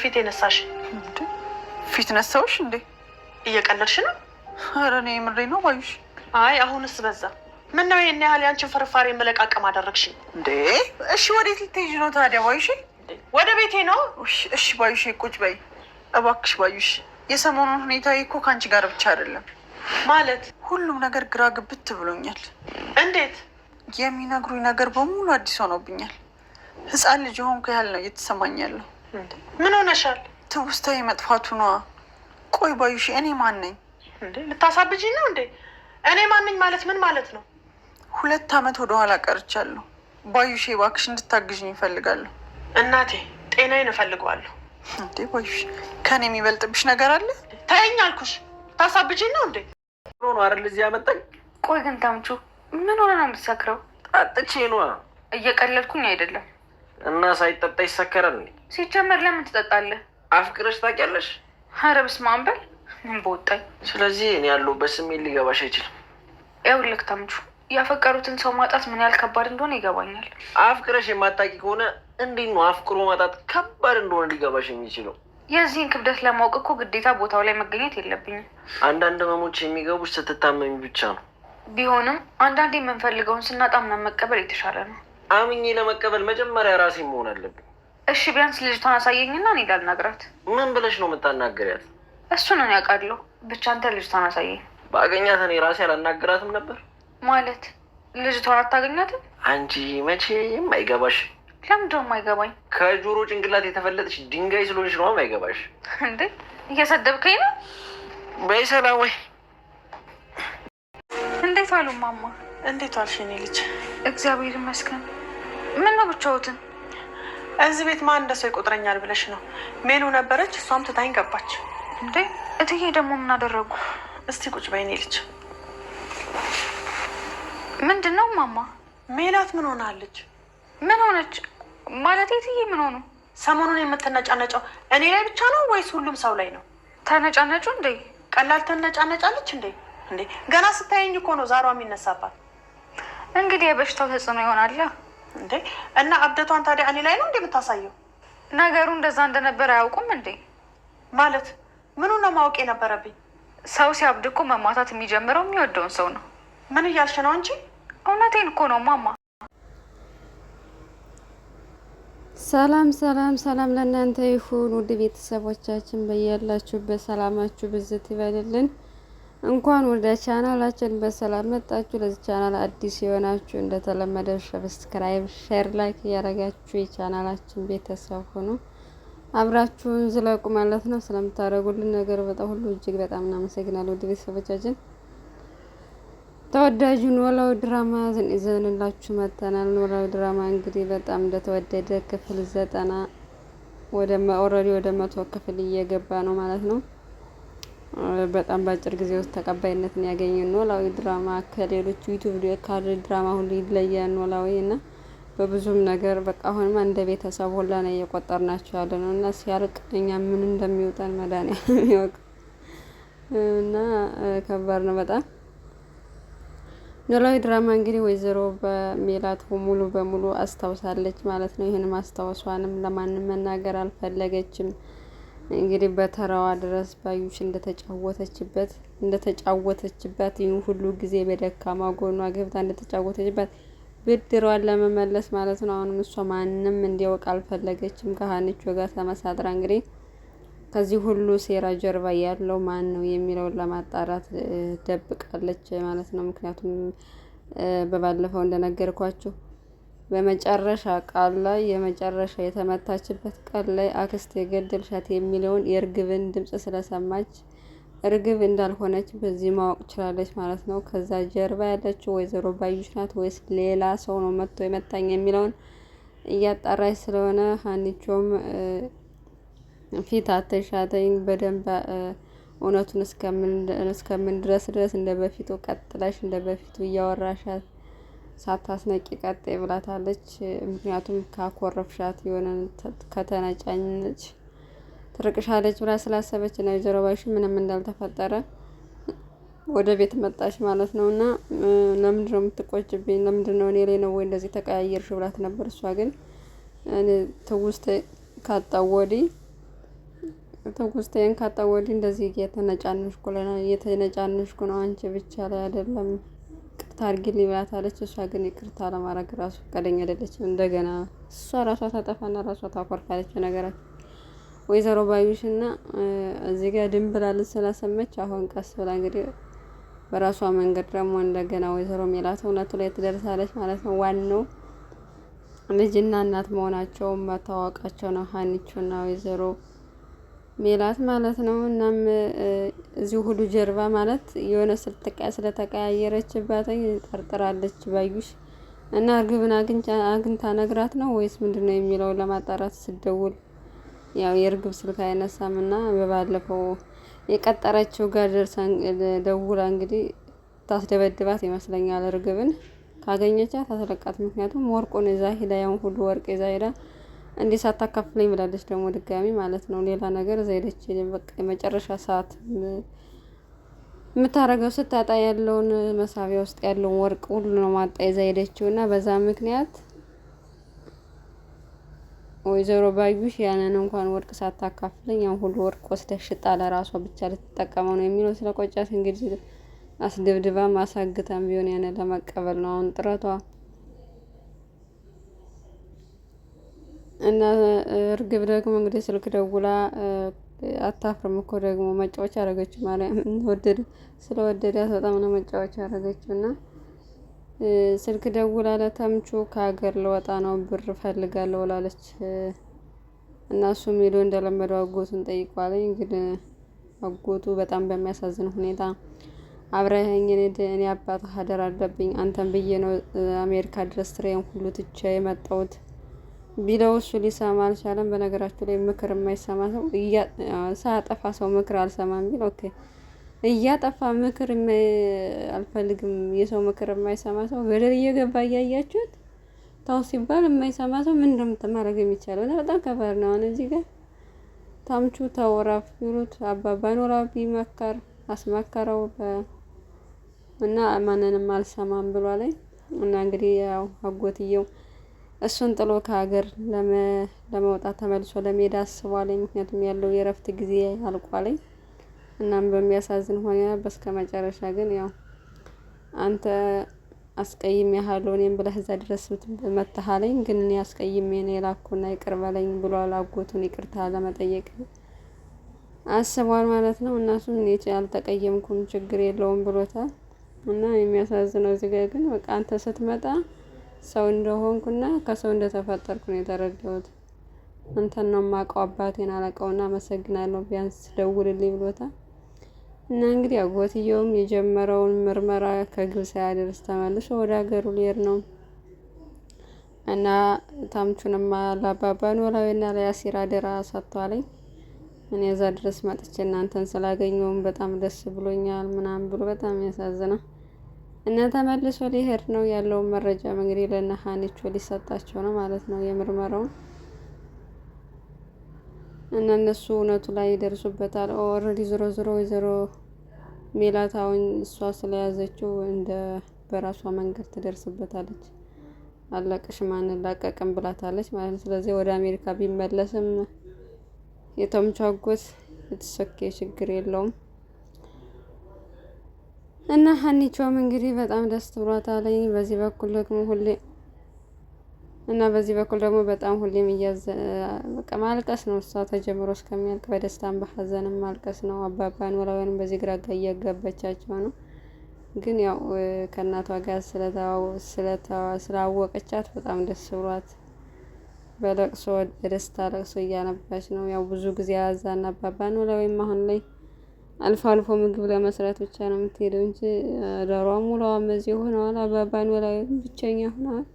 ፊት የነሳሽ ፊት ነሳውሽ እንዴ? እየቀለድሽ ነው? ኧረ እኔ የምሬ ነው ባዩሽ። አይ አሁንስ በዛ። ምን ነው ይህን ያህል ያንቺን ፍርፋሪ መለቃቀም አደረግሽ እንዴ? እሺ ወዴት ልትሄጂ ነው ታዲያ ባዩሽ? ወደ ቤቴ ነው። እሺ ባዩሽ፣ ቁጭ በይ እባክሽ። ባዩሽ የሰሞኑን ሁኔታ እኮ ከአንቺ ጋር ብቻ አይደለም ማለት ሁሉም ነገር ግራ ግብት ብሎኛል። እንዴት የሚነግሩኝ ነገር በሙሉ አዲስ ሆኖብኛል። ህፃን ልጅ ሆንኩ ያህል ነው እየተሰማኝ ያለው ምን ሆነሻል? ትውስታ የመጥፋቱ ነዋ። ቆይ ባዩሽ፣ እኔ ማን ነኝ? ልታሳብጂኝ ነው እንዴ? እኔ ማን ነኝ ማለት ምን ማለት ነው? ሁለት አመት ወደኋላ ቀርቻለሁ። ባዩሽ፣ እባክሽ እንድታግዥኝ ይፈልጋለሁ? እናቴ፣ ጤናዬን እፈልገዋለሁ። እንዴ ባዩሽ፣ ከኔ የሚበልጥብሽ ነገር አለ? ተይኝ አልኩሽ። ልታሳብጂኝ ነው እንዴ? ሆኖ አይደል እዚህ ያመጣኝ። ቆይ ግን ታምቹ፣ ምን ሆነ ነው የምትሰክረው? ጠጥቼ ነዋ። እየቀለልኩኝ አይደለም። እና ሳይጠጣ ይሰከራል እንዴ? ሲጀመር ለምን ትጠጣለህ? አፍቅረሽ ታውቂያለሽ? ኧረ በስመ አብ በል ምን በወጣኝ። ስለዚህ እኔ ያለው በስሜ ሊገባሽ አይችልም። ልክ ተምቹ፣ ያፈቀሩትን ሰው ማጣት ምን ያህል ከባድ እንደሆነ ይገባኛል። አፍቅረሽ የማታውቂ ከሆነ እንዴት ነው አፍቅሮ ማጣት ከባድ እንደሆነ ሊገባሽ የሚችለው? የዚህን ክብደት ለማወቅ እኮ ግዴታ ቦታው ላይ መገኘት የለብኝም። አንዳንድ ህመሞች የሚገቡሽ ስትታመሚ ብቻ ነው። ቢሆንም አንዳንድ የምንፈልገውን ስናጣ ምናምን መቀበል የተሻለ ነው። አምኜ ለመቀበል መጀመሪያ ራሴ መሆን አለብኝ። እሺ ቢያንስ ልጅቷን አሳየኝና እኔ ላልናግራት። ምን ብለሽ ነው የምታናግሪያት? እሱን እኔ አውቃለሁ። ብቻ አንተ ልጅቷን አሳየኝ። በአገኛት እኔ ራሴ አላናግራትም ነበር ማለት። ልጅቷን አታገኛትም? አንቺ መቼም አይገባሽ። ለምንድን የማይገባኝ? ከጆሮ ጭንቅላት የተፈለጠች ድንጋይ ስለሆንሽ ነው አይገባሽ። እንዴ እየሰደብከኝ ነው? በይ ሰላም። ወይ እንዴት አሉ ማማ? እንዴት ዋልሽ ልጅ? እግዚአብሔር ይመስገን። ምን ነው ብቻዎትን እዚህ ቤት ማን እንደ ሰው ይቆጥረኛል ብለሽ ነው? ሜሉ ነበረች፣ እሷም ትታኝ ገባች። እንዴ እትዬ ደግሞ ምን አደረጉ? እስቲ ቁጭ በይኔ ልጅ። ምንድን ነው ማማ? ሜላት ምን ሆናለች? ምን ሆነች ማለት? እትዬ ምን ሆኑ? ሰሞኑን የምትነጫነጨው እኔ ላይ ብቻ ነው ወይስ ሁሉም ሰው ላይ ነው? ተነጫነጩ እንዴ? ቀላል ተነጫነጫለች እንዴ? እንዴ ገና ስታየኝ እኮ ነው ዛሯ የሚነሳባት። እንግዲህ የበሽታው ተጽዕኖ ይሆናል። እንዴ እና እብደቷን ታዲያ እኔ ላይ ነው እንዴ የምታሳየው? ነገሩ እንደዛ እንደነበረ አያውቁም እንዴ? ማለት ምኑ ነው ማወቅ የነበረብኝ? ሰው ሲያብድ እኮ መማታት የሚጀምረው የሚወደውን ሰው ነው። ምን እያልሽ ነው? እንጂ እውነቴን እኮ ነው ማማ። ሰላም ሰላም ሰላም ለእናንተ ይሁን ውድ ቤተሰቦቻችን፣ በያላችሁበት ሰላማችሁ ብዝት ይበልልን። እንኳን ወደ ቻናላችን በሰላም መጣችሁ። ለዚህ ቻናል አዲስ የሆናችሁ እንደተለመደ ሰብስክራይብ፣ ሼር፣ ላይክ እያደረጋችሁ የቻናላችን ቤተሰብ ሆኑ አብራችሁን ዝለቁ ማለት ነው። ስለምታደርጉልን ነገር በጣም ሁሉ እጅግ በጣም እናመሰግናለን ውድ ቤተሰቦቻችን። ተወዳጁን ኖላዊ ድራማ ይዘንላችሁ መጥተናል። ኖላዊ ድራማ እንግዲህ በጣም እንደተወደደ ክፍል ዘጠና ወደ ኦልሬዲ ወደ መቶ ክፍል እየገባ ነው ማለት ነው። በጣም በአጭር ጊዜ ውስጥ ተቀባይነትን ያገኘ ኖላዊ ድራማ ከሌሎች ዩቱብ ካለ ድራማ ሁሉ ይለየ ኖላዊ እና በብዙም ነገር በቃ አሁንም እንደ ቤተሰብ ሁላ ነው እየቆጠር ናቸው ያለ ነው እና ሲያልቅ እኛ ምን እንደሚወጣን መድኃኒዓለም የሚያውቅ እና ከባድ ነው በጣም ኖላዊ ድራማ እንግዲህ ወይዘሮ በሜላት ሙሉ በሙሉ አስታውሳለች ማለት ነው። ይህን ማስታወሷንም ለማንም መናገር አልፈለገችም። እንግዲህ በተራዋ ድረስ ባዩሽ እንደተጫወተችበት እንደተጫወተችበት ይህን ሁሉ ጊዜ በደካማ ጎኗ ገብታ እንደተጫወተችበት ብድሯን ለመመለስ ማለት ነው። አሁንም እሷ ማንም እንዲያውቅ አልፈለገችም። ከሀኒቾ ጋር ተመሳጥራ እንግዲህ ከዚህ ሁሉ ሴራ ጀርባ ያለው ማን ነው የሚለውን ለማጣራት ደብቃለች ማለት ነው። ምክንያቱም በባለፈው እንደነገርኳችሁ በመጨረሻ ቃል ላይ የመጨረሻ የተመታችበት ቃል ላይ አክስት የገደልሻት የሚለውን የእርግብን ድምፅ ስለሰማች እርግብ እንዳልሆነች በዚህ ማወቅ ችላለች ማለት ነው። ከዛ ጀርባ ያለችው ወይዘሮ ባዩሽ ናት ወይስ ሌላ ሰው ነው መጥቶ የመታኝ የሚለውን እያጣራች ስለሆነ ሀኒቾም ፊት አተሻተኝ በደንብ እውነቱን እስከምን ድረስ ድረስ እንደ በፊቱ ቀጥላሽ እንደ በፊቱ እያወራሻት ሳታስነቂ ቀጤ ብላታለች። ምክንያቱም ካኮረፍሻት የሆነ ከተነጫኝነች ትርቅሻለች ብላ ስላሰበች ነው ወይዘሮ ባዩሽ ምንም እንዳልተፈጠረ ወደ ቤት መጣች ማለት ነው። እና ለምንድን ነው የምትቆጭብኝ? ለምንድን ነው እኔ ላይ ነው ወይ እንደዚህ ተቀያየርሽ ብላት ነበር። እሷ ግን ትውስቴ ካጣው ወዲህ ትውስቴን ካጣው ወዲህ እንደዚህ እየተነጫነሽኩ ነው አንቺ ብቻ ላይ አይደለም ይቅርታ አድርጊልኝ ብላታለች። እሷ ግን ይቅርታ ለማድረግ ራሱ ፈቃደኛ አይደለችም። እንደገና እሷ ራሷ ታጠፋና ራሷ ታኮርፋለች። ነገራት ወይዘሮ ባዩሽና እዚህ ጋር ድንብላልን ስላሰመች አሁን ቀስ ብላ እንግዲህ በራሷ መንገድ ደግሞ እንደገና ወይዘሮ ሜላት እውነቱ ላይ ትደርሳለች ማለት ነው። ዋናው ልጅና እናት መሆናቸውን መታወቃቸው ነው። ሀኒቹና ወይዘሮ ሜላት ማለት ነው። እናም እዚሁ ሁሉ ጀርባ ማለት የሆነ ስልትቃ ስለተቀያየረችባት ጠርጥራለች ባዩሽ እና እርግብን አግኝታ ነግራት ነው ወይስ ምንድን ነው የሚለውን ለማጣራት ስደውል ያው የእርግብ ስልክ አይነሳም እና በባለፈው የቀጠረችው ጋር ደርሳ ደውላ እንግዲህ ታስደበድባት ይመስለኛል። እርግብን ካገኘቻት አስለቃት። ምክንያቱም ወርቁን እዛ ሄዳ ያውን ሁሉ ወርቅ እዛ ሄዳ እንዲ ሳታካፍለኝ ብላለች ደግሞ ድጋሚ ማለት ነው። ሌላ ነገር እዛ በቃ የመጨረሻ ሰዓት የምታደርገው ስታጣ ያለውን መሳቢያ ውስጥ ያለውን ወርቅ ሁሉ ነው ማጣ የዘይደችው እና በዛ ምክንያት ወይዘሮ ባዩሽ ያንን እንኳን ወርቅ ሳታካፍለኝ ያን ሁሉ ወርቅ ወስደሽ ሽጣ ለራሷ ብቻ ልትጠቀመው ነው የሚለው ስለ ቆጫት እንግዲህ አስደብድባም አሳግታም ቢሆን ያንን ለመቀበል ነው አሁን ጥረቷ። እና እርግብ ደግሞ እንግዲህ ስልክ ደውላ አታፍርም እኮ ደግሞ መጫወች አደረገችው። ማርያምን ወደድ ስለወደዳት በጣም ነው መጫወች አደረገችው። እና ስልክ ደውላ ለተምቹ ከሀገር ልወጣ ነው ብር ፈልጋለሁ ብላለች። እና እሱም ሄዶ እንደለመደው አጎቱን ጠይቋለኝ። እንግዲህ አጎቱ በጣም በሚያሳዝን ሁኔታ አብረኸኝ እኔ አባት ሀደር አለብኝ አንተን ብዬ ነው አሜሪካ ድረስ ትሬን ሁሉ ትቼ የመጣሁት ቢለው እሱ ሊሰማ አልቻለም። በነገራችሁ ላይ ምክር የማይሰማ ሰው ሳያጠፋ ሰው ምክር አልሰማም ቢል ኦኬ፣ እያጠፋ ምክር አልፈልግም የሰው ምክር የማይሰማ ሰው ገደል እየገባ እያያችሁት ታው ሲባል የማይሰማ ሰው ምን እንደምትማረግ የሚቻለው እና በጣም ከባድ ነው። አሁን እዚህ ጋር ታምቹ ተወራፍ ቢሉት አባባ ኖራ ቢመከር አስመከረው እና ማንንም አልሰማም ብሏ ላይ እና እንግዲህ ያው አጎትየው እሱን ጥሎ ከሀገር ለመውጣት ተመልሶ ለመሄድ አስቧለኝ። ምክንያቱም ያለው የእረፍት ጊዜ አልቋለኝ። እናም በሚያሳዝን ሆነ በስከ መጨረሻ ግን ያው አንተ አስቀይም አስቀይሜሃለሁ እኔም ብለህ እዛ ድረስ መታሃለኝ፣ ግን እኔ አስቀይሜ ነው የላኩና ይቅር በለኝ ብሏል። አጎቱን ይቅርታ ለመጠየቅ አስቧል ማለት ነው። እናሱ እኔ አልተቀየምኩም ችግር የለውም ብሎታል። እና የሚያሳዝነው እዚህ ጋ ግን በቃ አንተ ስትመጣ ሰው እንደሆንኩና ከሰው እንደተፈጠርኩ ነው የተረዳሁት። አንተን ነው የማውቀው፣ አባቴን አለቀውና አመሰግናለሁ ቢያንስ ደውልልኝ ብሎታል። እና እንግዲህ አጎትየውም የጀመረውን ምርመራ ከግብ ሳያደርስ ተመልሶ ወደ ሀገሩ ሊሄድ ነው እና ታምቹንማ ለአባባ ኖላዊና ለያሲር አደራ ሰጥቷለኝ። እኔ እዛ ድረስ መጥቼ እናንተን ስላገኘውም በጣም ደስ ብሎኛል ምናምን ብሎ በጣም ያሳዝናል። እና ተመልሶ ሊሄድ ነው ያለውን መረጃ እንግዲህ ለእነ ሀኒቾ ሊሰጣቸው ነው ማለት ነው የምርመራውን እና እነሱ እውነቱ ላይ ይደርሱበታል። ኦልሬዲ ዞሮ ዞሮ ወይዘሮ ሜላት አሁን እሷ ስለያዘችው እንደ በራሷ መንገድ ትደርስበታለች። አለቅሽ ማን ብላታለች ማለት ነው። ስለዚህ ወደ አሜሪካ ቢመለስም የተምቿጎት የተሰኬ ችግር የለውም። እና ሀኒቾም እንግዲህ በጣም ደስ ብሏታለኝ። በዚህ በኩል ደግሞ ሁሌ እና በዚህ በኩል ደግሞ በጣም ሁሌም እያዘ በቃ ማልቀስ ነው። እሷ ተጀምሮ እስከሚያልቅ በደስታም በሀዘንም ማልቀስ ነው። አባባን ኖላዊንም በዚህ ግራ እያጋባቻቸው ነው። ግን ያው ከእናቷ ጋር ስላወቀቻት በጣም ደስ ብሏት በለቅሶ በደስታ ለቅሶ እያነባች ነው። ያው ብዙ ጊዜ ያዛ አዛና አባባን ኖላዊም አሁን ላይ አልፎ አልፎ ምግብ ለመስራት ብቻ ነው የምትሄደው እንጂ ዳሯ ውሏም እዚህ ሆነዋል። አባባን ወላዊ ብቸኛ ሆነዋል።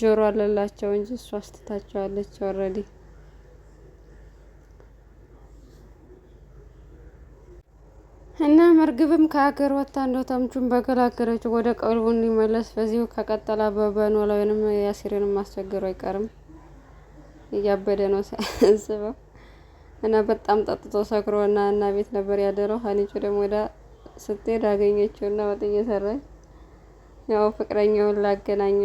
ጆሮ አለላቸው እንጂ እሷ አስትታቸዋለች ኦልሬዲ። እና መርግብም ከሀገር ወጥታ እንደ ተምቹን በገላገረች ወደ ቀልቡ እንዲመለስ በዚሁ ከቀጠለ አባባን ወላዊንም ያሲርንም ማስቸገሩ አይቀርም። እያበደ ነው ስበው እና በጣም ጠጥቶ ሰክሮ እና እና ቤት ነበር ያደረው። ሀኒቹ ደግሞ ወዳ ስትሄድ አገኘችው እና ወጥ እየሰራች ያው ፍቅረኛውን ላገናኝ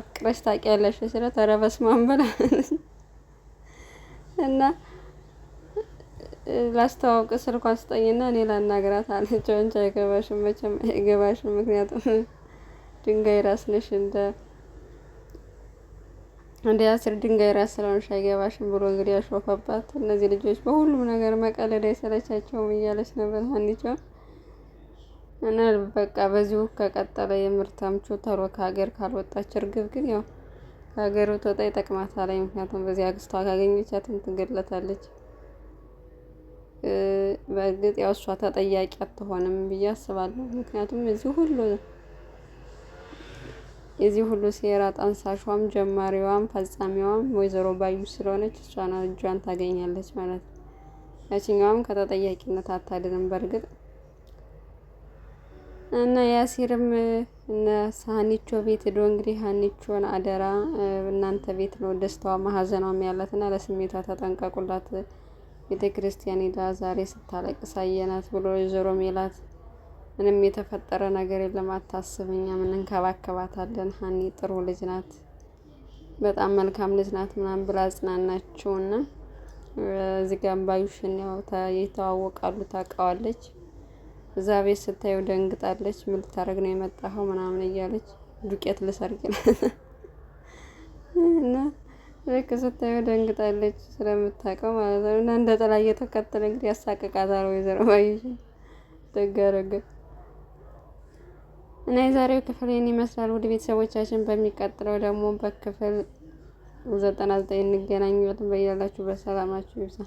አፍቅረሽ ታውቂያለሽ ስላት ኧረ በስመ አብ በላ እና ላስተዋውቅ ስልኳን ስጠኝና እኔ ላናግራት አለች። አንቺ አይገባሽም፣ መቼም አይገባሽም፣ ምክንያቱም ድንጋይ ራስ ነሽ እንደ እንደ አስር ድንጋይ ራስ ስለሆንሽ አይገባሽም ብሎ እንግዲህ ያሾፈባት። እነዚህ ልጆች በሁሉም ነገር መቀለድ አይሰለቻቸውም እያለች ነበር ሀኒቾን እና በቃ በዚሁ ከቀጠለ የምር ተሮ ከሀገር ካልወጣች እርግብ ግን ያው ከሀገር ብትወጣ ይጠቅማታል። ምክንያቱም በዚህ አግስቷ ካገኘቻትን ትገለታለች። በእርግጥ ያው እሷ ተጠያቂ አትሆንም ብዬ አስባለሁ። ምክንያቱም እዚህ ሁሉ የዚህ ሁሉ ሴራ ጠንሳሿም ጀማሪዋም ፈጻሚዋም ወይዘሮ ባዩ ስለሆነች እሷና እጇን ታገኛለች ማለት ነው። ያችኛዋም ከተጠያቂነት አታድንም። በእርግጥ እና ያሲርም እነ ሳኒቾ ቤት ዶ እንግዲህ ሀኒቾን አደራ እናንተ ቤት ነው ደስታዋ ማሀዘኗም ያላትና ለስሜቷ ተጠንቀቁላት ቤተ ክርስቲያን ሄዳ ዛሬ ስታለቅ ሳየናት ብሎ ወይዘሮ ሜላት ምንም የተፈጠረ ነገር የለም አታስብ፣ እኛም እንንከባከባታለን። ሀኒ ጥሩ ልጅ ናት፣ በጣም መልካም ልጅ ናት ምናምን ብላ አጽናናችው እና እዚህ ጋር ባዩሽን ያው የተዋወቃሉ ታውቃዋለች። እዛ ቤት ስታየው ደንግጣለች። ምን ልታደርግ ነው የመጣኸው ምናምን እያለች ዱቄት ልሰርግ እና ልክ ስታየው ደንግጣለች ስለምታውቀው ማለት ነው እና እንደ ጥላ እየተከተለ እንግዲህ ያሳቅቃታል ወይዘሮ ባዩሽን ደጋረገ እና የዛሬው ክፍል ይህን ይመስላል። ውድ ቤተሰቦቻችን በሚቀጥለው ደግሞ በክፍል ዘጠና ዘጠኝ እንገናኛለን። በያላችሁ በሰላማችሁ ይብዛ።